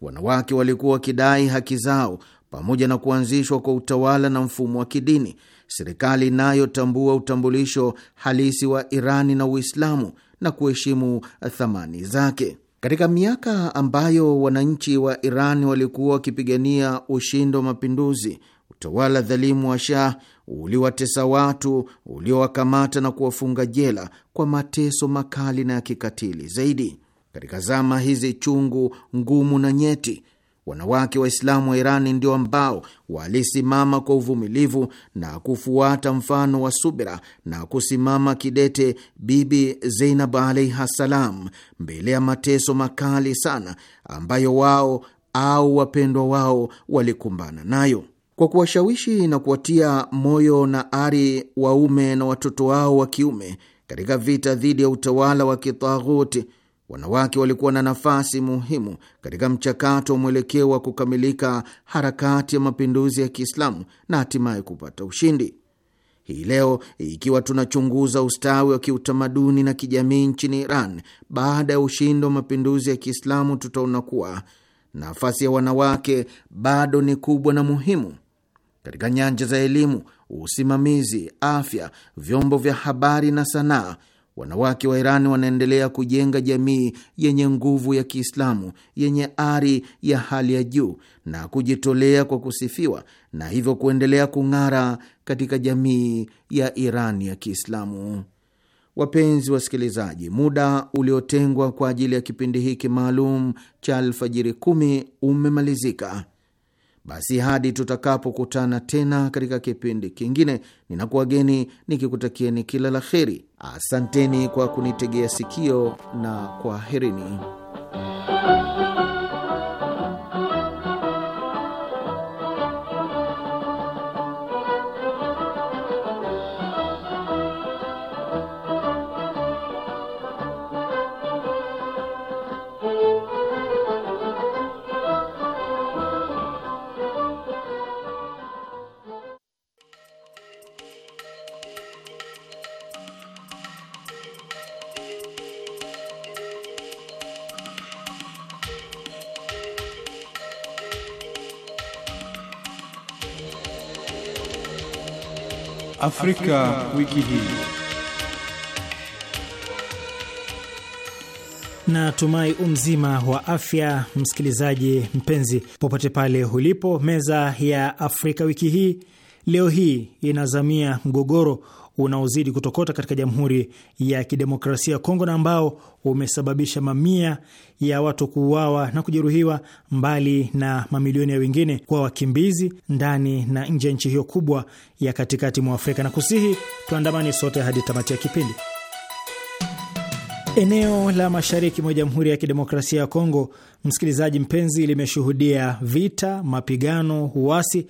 Wanawake walikuwa wakidai haki zao pamoja na kuanzishwa kwa utawala na mfumo wa kidini, serikali inayotambua utambulisho halisi wa Irani na Uislamu na kuheshimu thamani zake. Katika miaka ambayo wananchi wa Iran walikuwa wakipigania ushindi wa mapinduzi, utawala dhalimu wa Shah uliwatesa watu, uliowakamata na kuwafunga jela kwa mateso makali na ya kikatili zaidi. Katika zama hizi chungu, ngumu na nyeti Wanawake Waislamu wa Irani ndio ambao walisimama kwa uvumilivu na kufuata mfano wa subira na kusimama kidete Bibi Zeinab alaiha salam mbele ya mateso makali sana ambayo wao au wapendwa wao walikumbana nayo kwa kuwashawishi na kuwatia moyo na ari waume na watoto wao wa kiume katika vita dhidi ya utawala wa kitaghuti. Wanawake walikuwa na nafasi muhimu katika mchakato wa mwelekeo wa kukamilika harakati ya mapinduzi ya Kiislamu na hatimaye kupata ushindi. Hii leo ikiwa tunachunguza ustawi wa kiutamaduni na kijamii nchini Iran baada ya ushindi wa mapinduzi ya Kiislamu, tutaona kuwa nafasi ya wanawake bado ni kubwa na muhimu katika nyanja za elimu, usimamizi, afya, vyombo vya habari na sanaa Wanawake wa Iran wanaendelea kujenga jamii yenye nguvu ya Kiislamu yenye ari ya hali ya juu na kujitolea kwa kusifiwa, na hivyo kuendelea kung'ara katika jamii ya Iran ya Kiislamu. Wapenzi wasikilizaji, muda uliotengwa kwa ajili ya kipindi hiki maalum cha Alfajiri Kumi umemalizika. Basi hadi tutakapokutana tena katika kipindi kingine, ninakuwageni nikikutakieni kila la kheri. Asanteni kwa kunitegea sikio na kwaherini. Afrika wiki hii. Na tumai umzima wa afya, msikilizaji mpenzi, popote pale ulipo. Meza ya Afrika wiki hii leo hii inazamia mgogoro unaozidi kutokota katika Jamhuri ya Kidemokrasia ya Kongo na ambao umesababisha mamia ya watu kuuawa na kujeruhiwa, mbali na mamilioni ya wengine kuwa wakimbizi ndani na nje ya nchi hiyo kubwa ya katikati mwa Afrika, na kusihi tuandamani sote hadi tamati ya kipindi. Eneo la mashariki mwa Jamhuri ya Kidemokrasia ya Kongo, msikilizaji mpenzi, limeshuhudia vita, mapigano, uasi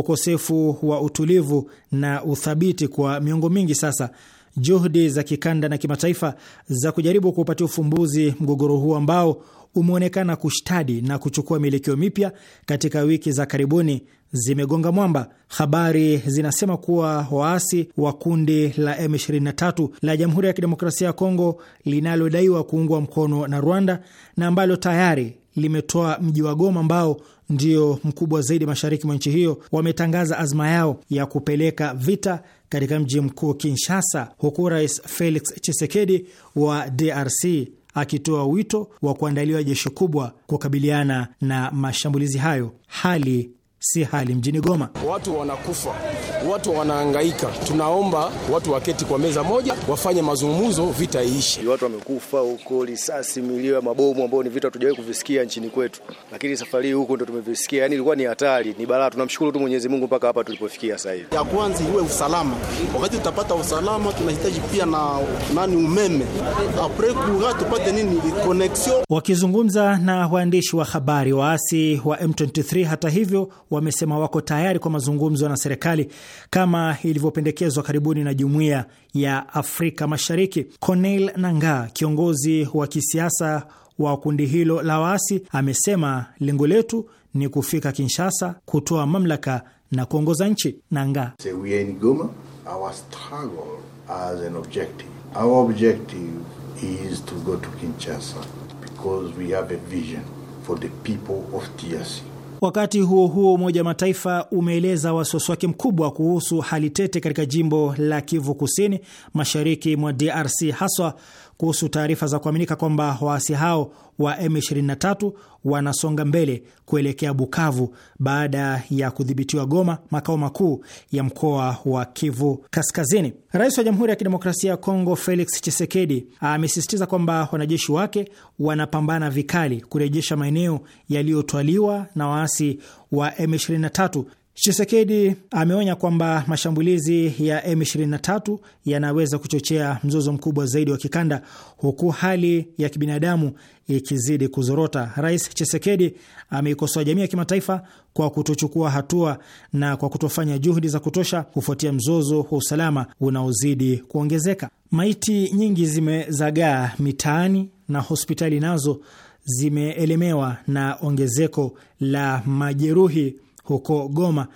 ukosefu wa utulivu na uthabiti kwa miongo mingi sasa. Juhudi za kikanda na kimataifa za kujaribu kuupatia ufumbuzi mgogoro huu ambao umeonekana kushtadi na kuchukua mielekeo mipya katika wiki za karibuni zimegonga mwamba. Habari zinasema kuwa waasi wa kundi la M23 la Jamhuri ya Kidemokrasia ya Kongo linalodaiwa kuungwa mkono na Rwanda na ambalo tayari limetoa mji wa Goma ambao ndio mkubwa zaidi mashariki mwa nchi hiyo, wametangaza azma yao ya kupeleka vita katika mji mkuu Kinshasa, huku Rais Felix Tshisekedi wa DRC akitoa wito wa kuandaliwa jeshi kubwa kukabiliana na mashambulizi hayo, hali si hali mjini Goma. Watu wanakufa, watu wanaangaika Tunaomba watu waketi kwa meza moja, wafanye mazungumzo, vita iishi. Watu wamekufa huko, risasi, milio ya mabomu, ambayo ni vitu hatujawahi kuvisikia nchini kwetu, lakini safari hii huko ndo tumevisikia. Yani ilikuwa ni hatari, ni balaa. Tunamshukuru tu Mwenyezi Mungu mpaka hapa tulipofikia sasa hivi. Ya kwanza iwe usalama, wakati tutapata usalama tunahitaji pia na nani umeme apre tupate nini connection. Wakizungumza na waandishi wa habari, waasi wa M23 hata hivyo wamesema wako tayari kwa mazungumzo na serikali kama ilivyopendekezwa karibuni na Jumuiya ya Afrika Mashariki. Cornel nanga kiongozi wa kisiasa wa kundi hilo la waasi, amesema lengo letu ni kufika Kinshasa, kutoa mamlaka na kuongoza nchi. nanga for the people of DRC. Wakati huo huo, Umoja wa Mataifa umeeleza wasiwasi wake mkubwa kuhusu hali tete katika jimbo la Kivu Kusini, mashariki mwa DRC haswa kuhusu taarifa za kuaminika kwamba waasi hao wa M23 wanasonga mbele kuelekea Bukavu baada ya kudhibitiwa Goma, makao makuu ya mkoa wa Kivu Kaskazini. Rais wa Jamhuri ya Kidemokrasia ya Kongo Felix Tshisekedi amesisitiza kwamba wanajeshi wake wanapambana vikali kurejesha maeneo yaliyotwaliwa na waasi wa M23 Chisekedi ameonya kwamba mashambulizi ya M23 yanaweza kuchochea mzozo mkubwa zaidi wa kikanda huku hali ya kibinadamu ikizidi kuzorota. Rais Chisekedi ameikosoa jamii ya kimataifa kwa kutochukua hatua na kwa kutofanya juhudi za kutosha kufuatia mzozo wa usalama unaozidi kuongezeka. Maiti nyingi zimezagaa mitaani na hospitali nazo zimeelemewa na ongezeko la majeruhi huko Goma.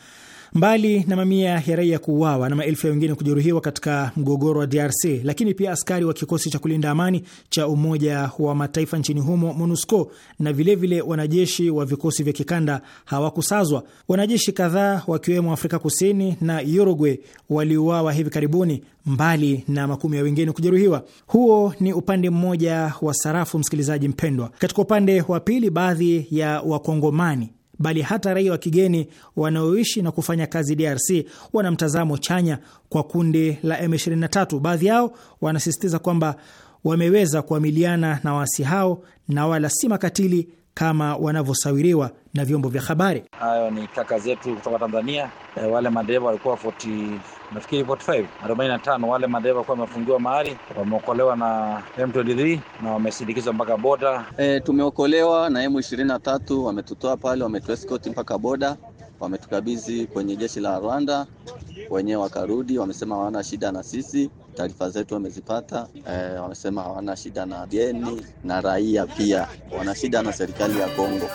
Mbali na mamia ya raia kuuawa na maelfu ya wengine kujeruhiwa katika mgogoro wa DRC, lakini pia askari wa kikosi cha kulinda amani cha Umoja wa Mataifa nchini humo MONUSCO na vilevile vile wanajeshi wa vikosi vya kikanda hawakusazwa. Wanajeshi kadhaa wakiwemo Afrika Kusini na Uruguay waliuawa hivi karibuni, mbali na makumi ya wengine kujeruhiwa. Huo ni upande mmoja wa sarafu, msikilizaji mpendwa. Katika upande wa pili, baadhi ya Wakongomani bali hata raia wa kigeni wanaoishi na kufanya kazi DRC wana mtazamo chanya kwa kundi la M23. Baadhi yao wanasisitiza kwamba wameweza kuamiliana na waasi hao na wala si makatili kama wanavyosawiriwa na vyombo vya habari. Hayo ni kaka zetu kutoka Tanzania. E, wale madereva walikuwa 40 nafikiri 45 45, wale madereva walikuwa wamefungiwa mahali, wameokolewa na M23 na wamesindikizwa mpaka boda. E, eh, tumeokolewa na M23, wametutoa pale, wametueskoti mpaka boda wametukabidhi kwenye jeshi la Rwanda, wenyewe wakarudi, wamesema hawana shida na sisi, taarifa zetu wamezipata. E, wamesema hawana shida na geni na raia, pia wana shida na serikali ya Kongo.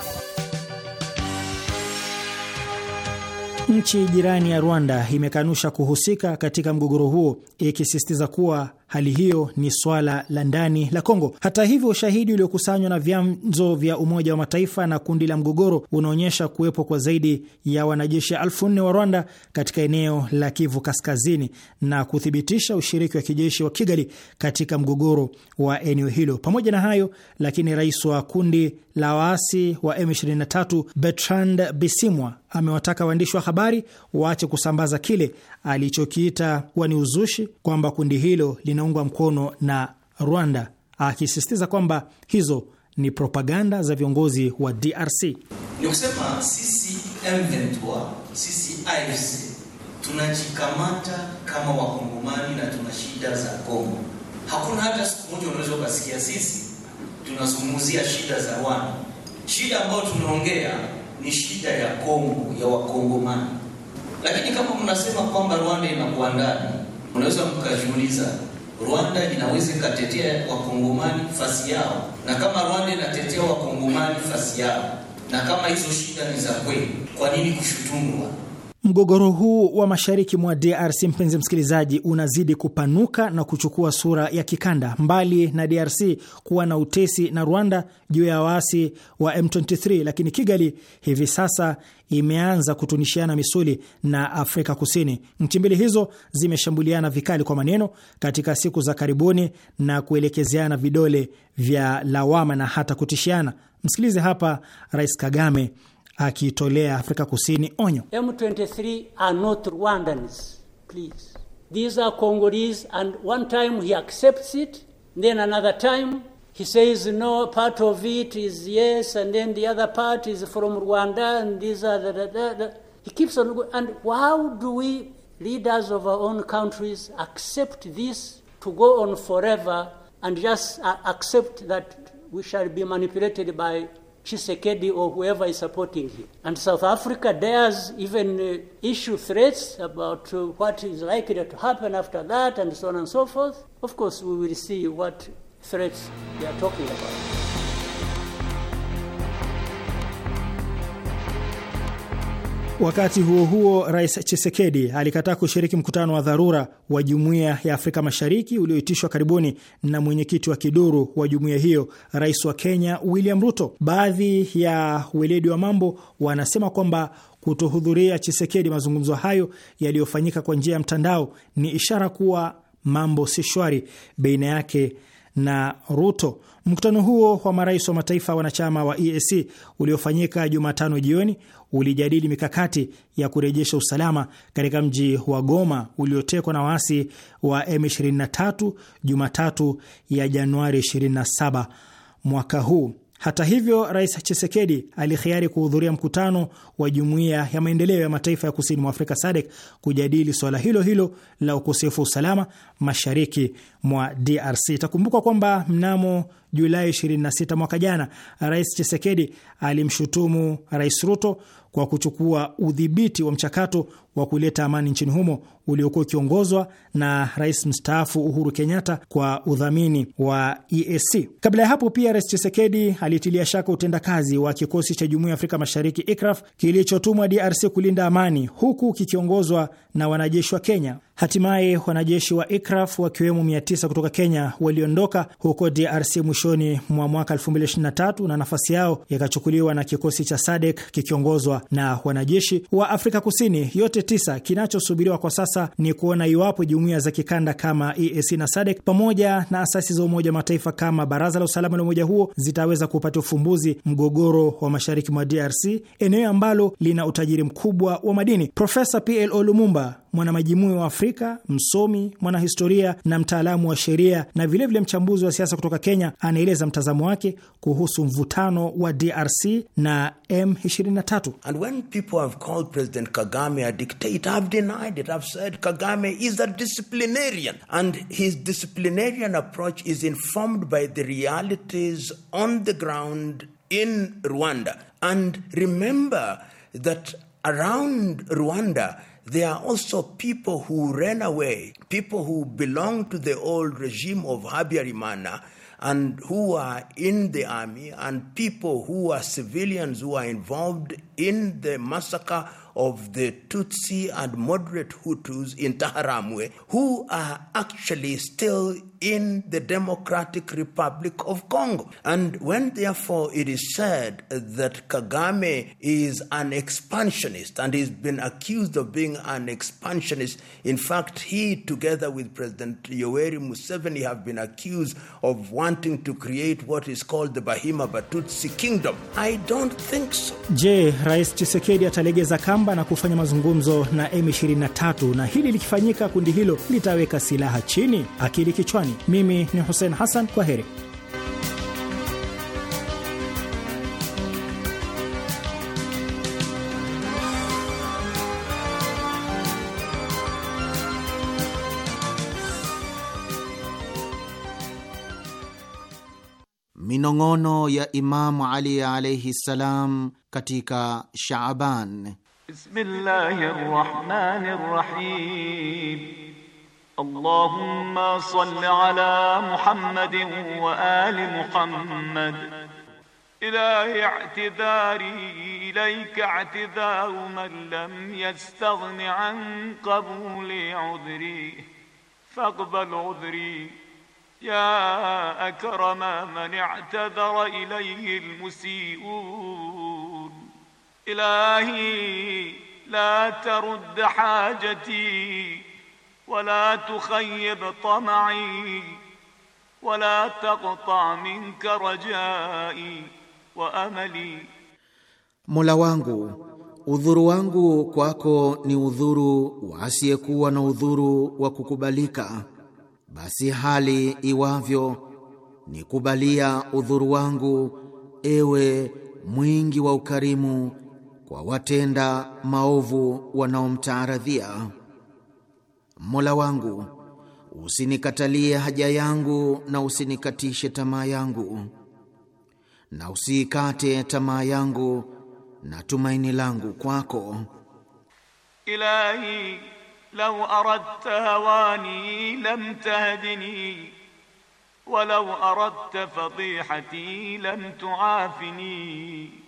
Nchi jirani ya Rwanda imekanusha kuhusika katika mgogoro huo ikisisitiza kuwa hali hiyo ni swala la ndani la Kongo. Hata hivyo, ushahidi uliokusanywa na vyanzo vya Umoja wa Mataifa na kundi la mgogoro unaonyesha kuwepo kwa zaidi ya wanajeshi elfu nne wa Rwanda katika eneo la Kivu Kaskazini na kuthibitisha ushiriki wa kijeshi wa Kigali katika mgogoro wa eneo hilo. Pamoja na hayo lakini, rais wa kundi la waasi wa M23 Bertrand Bisimwa amewataka waandishi wa habari waache kusambaza kile alichokiita kuwa ni uzushi kwamba kundi hilo linaungwa mkono na Rwanda, akisisitiza kwamba hizo ni propaganda za viongozi wa DRC. Ni kusema sisi M23, sisi AFC tunajikamata kama wakongomani na tuna shida za Kongo. Hakuna hata siku moja unaweza ukasikia sisi tunazungumzia shida za Rwanda, shida ambayo tunaongea ni shida ya Kongo ya Wakongomani. Lakini kama mnasema kwamba Rwanda inakuwa ndani, unaweza mkajiuliza Rwanda inaweza ikatetea wakongomani fasi yao, na kama Rwanda inatetea wakongomani fasi yao, na kama hizo shida ni za kweli, kwa nini kushutumwa? Mgogoro huu wa mashariki mwa DRC, mpenzi msikilizaji, unazidi kupanuka na kuchukua sura ya kikanda. Mbali na DRC kuwa na utesi na Rwanda juu ya waasi wa M23, lakini Kigali hivi sasa imeanza kutunishiana misuli na Afrika Kusini. Nchi mbili hizo zimeshambuliana vikali kwa maneno katika siku za karibuni na kuelekezeana vidole vya lawama na hata kutishiana. Msikilize hapa Rais Kagame akiitolea Afrika Kusini onyo. M23 are not Rwandans, please. These are Congolese and one time he accepts it, then another time he says no, part of it is yes and then the other part is from Rwanda and these are the, the, the, the. He keeps on going. And how do we leaders of our own countries accept this to go on forever and just uh, accept that we shall be manipulated by Chisekedi or whoever is supporting him. And South Africa dares even uh, issue threats about uh, what is likely to happen after that and so on and so forth. Of course, we will see what threats they are talking about. Wakati huo huo, Rais Chisekedi alikataa kushiriki mkutano wa dharura wa Jumuiya ya Afrika Mashariki ulioitishwa karibuni na mwenyekiti wa kiduru wa jumuiya hiyo, Rais wa Kenya William Ruto. Baadhi ya weledi wa mambo wanasema kwamba kutohudhuria Chisekedi mazungumzo hayo yaliyofanyika kwa njia ya mtandao ni ishara kuwa mambo si shwari baina yake na Ruto. Mkutano huo wa marais wa mataifa wanachama wa EAC uliofanyika Jumatano jioni ulijadili mikakati ya kurejesha usalama katika mji wa Goma uliotekwa na waasi wa M23 Jumatatu ya Januari 27 mwaka huu. Hata hivyo, Rais Chisekedi alihiari kuhudhuria mkutano wa Jumuiya ya Maendeleo ya Mataifa ya Kusini mwa Afrika SADC kujadili swala hilo hilo la ukosefu wa usalama mashariki mwa DRC. Itakumbuka kwamba mnamo Julai 26 mwaka jana, Rais Chisekedi alimshutumu Rais Ruto kwa kuchukua udhibiti wa mchakato wa kuleta amani nchini humo uliokuwa ukiongozwa na rais mstaafu Uhuru Kenyatta kwa udhamini wa EAC. Kabla ya hapo pia, Rais Chisekedi alitilia shaka utendakazi wa kikosi cha Jumuiya ya Afrika Mashariki ICRAF kilichotumwa DRC kulinda amani huku kikiongozwa na wanajeshi wa Kenya. Hatimaye wanajeshi wa ICRAF wakiwemo 900 kutoka Kenya waliondoka huko DRC mwishoni mwa mwaka 2023 na nafasi yao yakachukuliwa na kikosi cha SADC kikiongozwa na wanajeshi wa Afrika Kusini. Yote 2009. Kinachosubiriwa kwa sasa ni kuona iwapo jumuiya za kikanda kama EAC na SADC pamoja na asasi za Umoja wa Mataifa kama Baraza la Usalama la umoja huo zitaweza kuupatia ufumbuzi mgogoro wa mashariki mwa DRC, eneo ambalo lina utajiri mkubwa wa madini. Profesa PLO Lumumba, mwanamajimui wa Afrika, msomi, mwanahistoria na mtaalamu wa sheria na vilevile vile mchambuzi wa siasa kutoka Kenya, anaeleza mtazamo wake kuhusu mvutano wa DRC na M23. And when people have called President Kagame a I've denied it. I've said Kagame is a disciplinarian, and his disciplinarian approach is informed by the realities on the ground in Rwanda. And remember that around Rwanda, there are also people who ran away, people who belong to the old regime of Habyarimana and who are in the army, and people who are civilians who are involved in the massacre of the Tutsi and moderate Hutus in Taharamwe, who are actually still in the Democratic Republic of Congo. And when, therefore, it is said that Kagame is an expansionist and he's been accused of being an expansionist, in fact, he, together with President Yoweri Museveni, have been accused of wanting to create what is called the Bahima Batutsi Kingdom. I don't think so. J. Rais Chisekedi atalegeza kamba na kufanya mazungumzo na M23, na hili likifanyika, kundi hilo litaweka silaha chini, akili kichwani. Mimi ni Hussein Hassan, kwa heri. Minong'ono ya Imamu Ali alaihi ssalam katika Shaaban. Bismillahir Rahmanir Rahim. Allahumma salli ala Muhammadin wa ali Muhammad. إلهي اعتذاري إليك اعتذار من لم يستغن عن قبول عذري فاقبل عذري يا أكرم من اعتذر إليه المسيئون ilahi la tarud hajati wala tukhayyib tam'i wala taqta minka rajai wa amali, Mola wangu udhuru wangu kwako ni udhuru wa asiyekuwa na udhuru wa kukubalika, basi hali iwavyo nikubalia udhuru wangu, ewe mwingi wa ukarimu kwa watenda maovu wanaomtaaradhia. Mola wangu, usinikatalie haja yangu na usinikatishe tamaa yangu, na usiikate tamaa yangu na tumaini langu kwako. Ilahi law aradta hawani lam tahdini walau aradta fadihati lam tuafini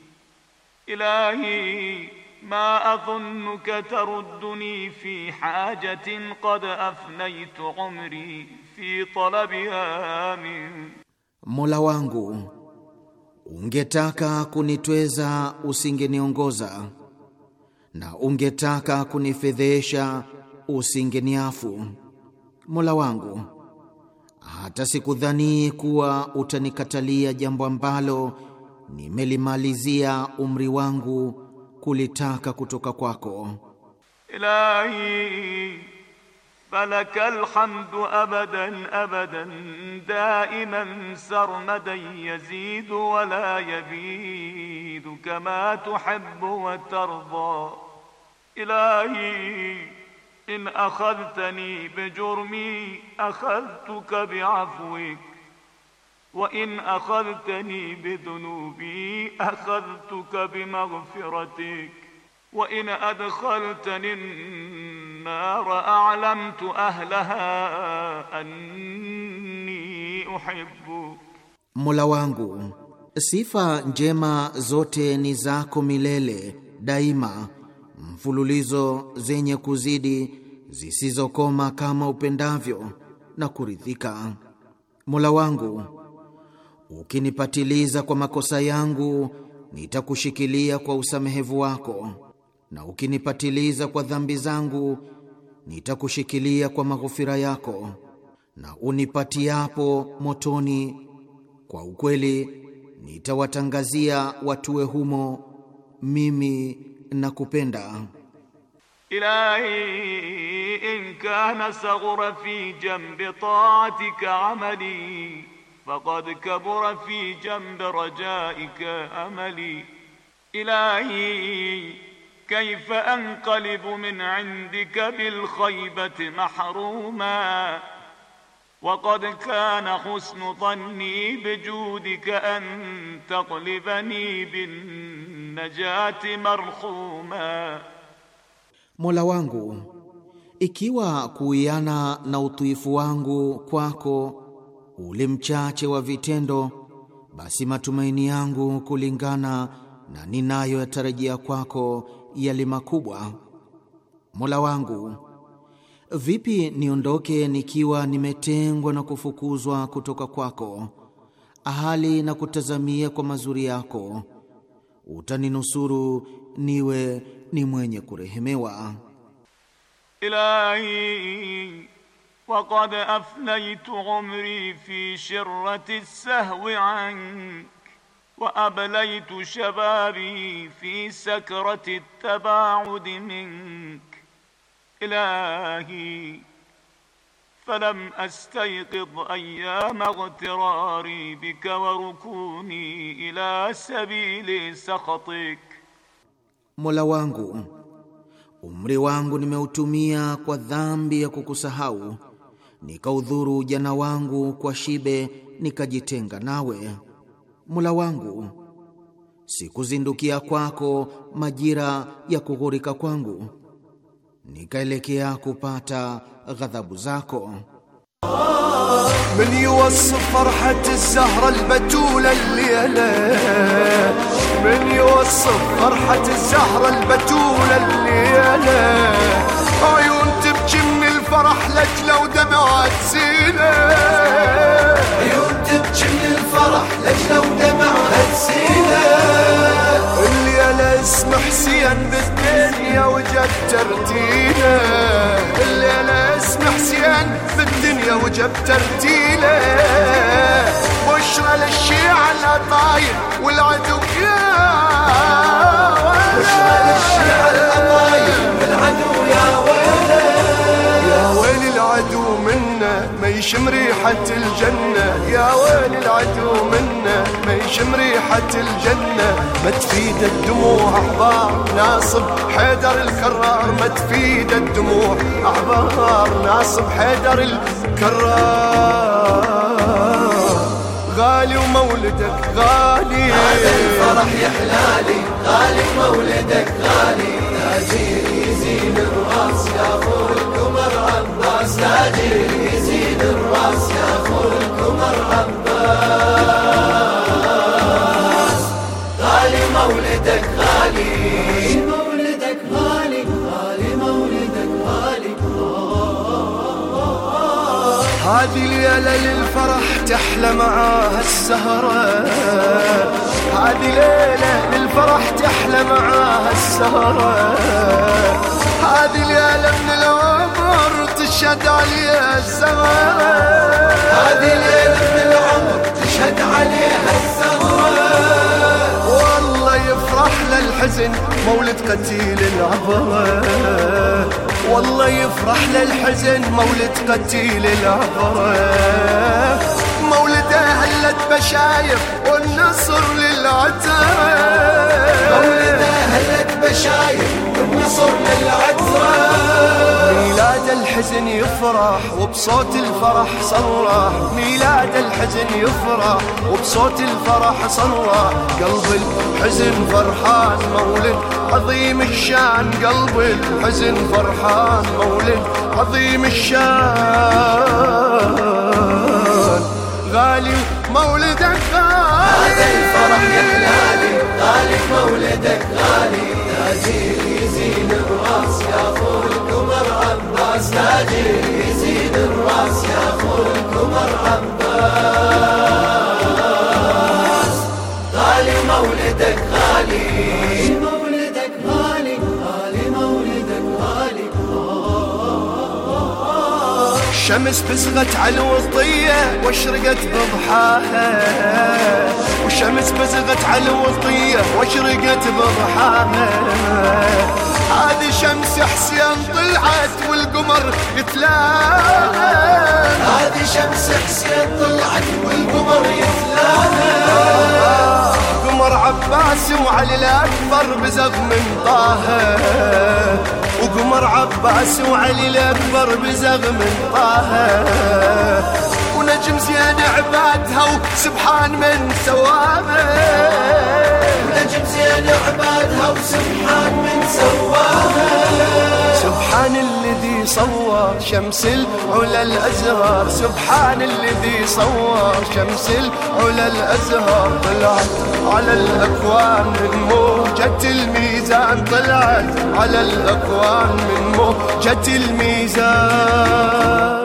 ilahi ma adhunnuka tarudduni fi hajatin qad afnaytu umri fi talabiha min, Mola wangu ungetaka kunitweza usingeniongoza, na ungetaka kunifedhesha usingeniafu. Mola wangu, hata sikudhani kuwa utanikatalia jambo ambalo nimelimalizia umri wangu kulitaka kutoka kwako. Ilahi falakal hamdu abadan abadan daiman sarmadan yazidu wa la yabidu kama tuhibbu wa tarda ilahi in akhadhtani bijurmi akhadhtuka biafwik wa in akhadhtani bidhunubi akhadhtuka bimaghfiratik wa in adkhaltani an-nara a'lamtu ahlaha anni Mola wangu sifa njema zote ni zako milele daima, mfululizo zenye kuzidi zisizokoma, kama upendavyo na kuridhika. Mola wangu ukinipatiliza kwa makosa yangu nitakushikilia kwa usamehevu wako, na ukinipatiliza kwa dhambi zangu nitakushikilia kwa maghufira yako, na unipatiapo motoni kwa ukweli nitawatangazia watuwe humo mimi kupenda. Ilahi in kana saghura fi jambi taatika amali faqad kabura fi jambi rajaika amali ilahi kaifa anqalibu min indika bilkhaybati mahruma waqad kana husnu dhanni bijudika an taqlibani binnajati marhuma, Mola wangu, ikiwa kuiana na utuifu wangu kwako ule mchache wa vitendo, basi matumaini yangu kulingana na ninayoyatarajia kwako yali makubwa. Mola wangu, vipi niondoke nikiwa nimetengwa na kufukuzwa kutoka kwako, ahali na kutazamia kwa mazuri yako. Utaninusuru niwe ni mwenye kurehemewa. Ilahi وقد أفنيت عمري في شرة السهو عنك وأبليت شبابي في سكرة التباعد منك إلهي فلم أستيقظ أيام اغتراري بك وركوني إلى سبيل سخطك Mola wangu, umri wangu nimeutumia kwa dhambi ya kukusahau nikaudhuru ujana wangu kwa shibe, nikajitenga nawe. Mola wangu, sikuzindukia kwako majira ya kughurika kwangu, nikaelekea kupata ghadhabu zako. من يوصف فرحة الزهرة البتولة الليلة من يوصف فرحة الزهرة البتولة الليلة عيون الفرح لك لو دمعت عيون تبكي من الفرح لك لو دمعت اللي الليلة اسم حسين بالدنيا وجب ترتيلة الليلة اسم حسين بالدنيا وجب ترتيلة بشرى للشيعة لا طاير والعدو يا بشرى للشيعة لا طاير والعدو يا ولد ما يشم ريحة الجنة يا ويل العدو منا ما يشم ريحة الجنة ما تفيد الدموع أحبار ناصب حيدر الكرار ما تفيد الدموع أحبار ناصب حيدر الكرار غالي ومولدك غالي هذا الفرح يا حلالي غالي مولدك غالي تاجيري يزين الراس يا ابو القمر عباس تاجيري من الراس يا اخو القمر هبال هذه ليالي الفرح تحلى معاها السهرة هذه ليلة للفرح تحلى معاها السهرة هذه ليلة من العمر تشهد عليها الزهرة هذه ليلة من العمر تشهد عليها السهرة والله يفرح للحزن مولد قتيل العبرة والله يفرح للحزن مولد قتيل العبرة مولد أهلة بشايف والنصر للعترة مولد أهلة بشايف والنصر للعترة الحزن يفرح وبصوت الفرح صرح ميلاد الحزن يفرح وبصوت الفرح صرح قلب الحزن فرحان مولد عظيم الشان قلب الحزن فرحان مولد عظيم الشان غالي مولدك غالي هذا الفرح يا غالي مولدك غالي تاجيل يزين الراس يا الراس نادر يزيد الراس يا اخو غالي مولدك غالي الشمس بزغت على الوطية واشرقت بضحاها والشمس بزغت على الوطية واشرقت بضحاها هذه شمس حسين طلعت والقمر يتلاها هذه شمس حسين طلعت والقمر يتلاها قمر عباس وعلي الأكبر بزغ من طاها وقمر عباس وعلي الأكبر بزغ من طه ونجم زين عبادها وسبحان من سواها ونجم زين عبادها وسبحان من سواها سبحان الذي صور شمس العلا الأزهر سبحان الذي صور شمس العلا الأزهر طلعت على الأكوان من موجة المياه الميزان طلعت على الأكوان من موجة الميزان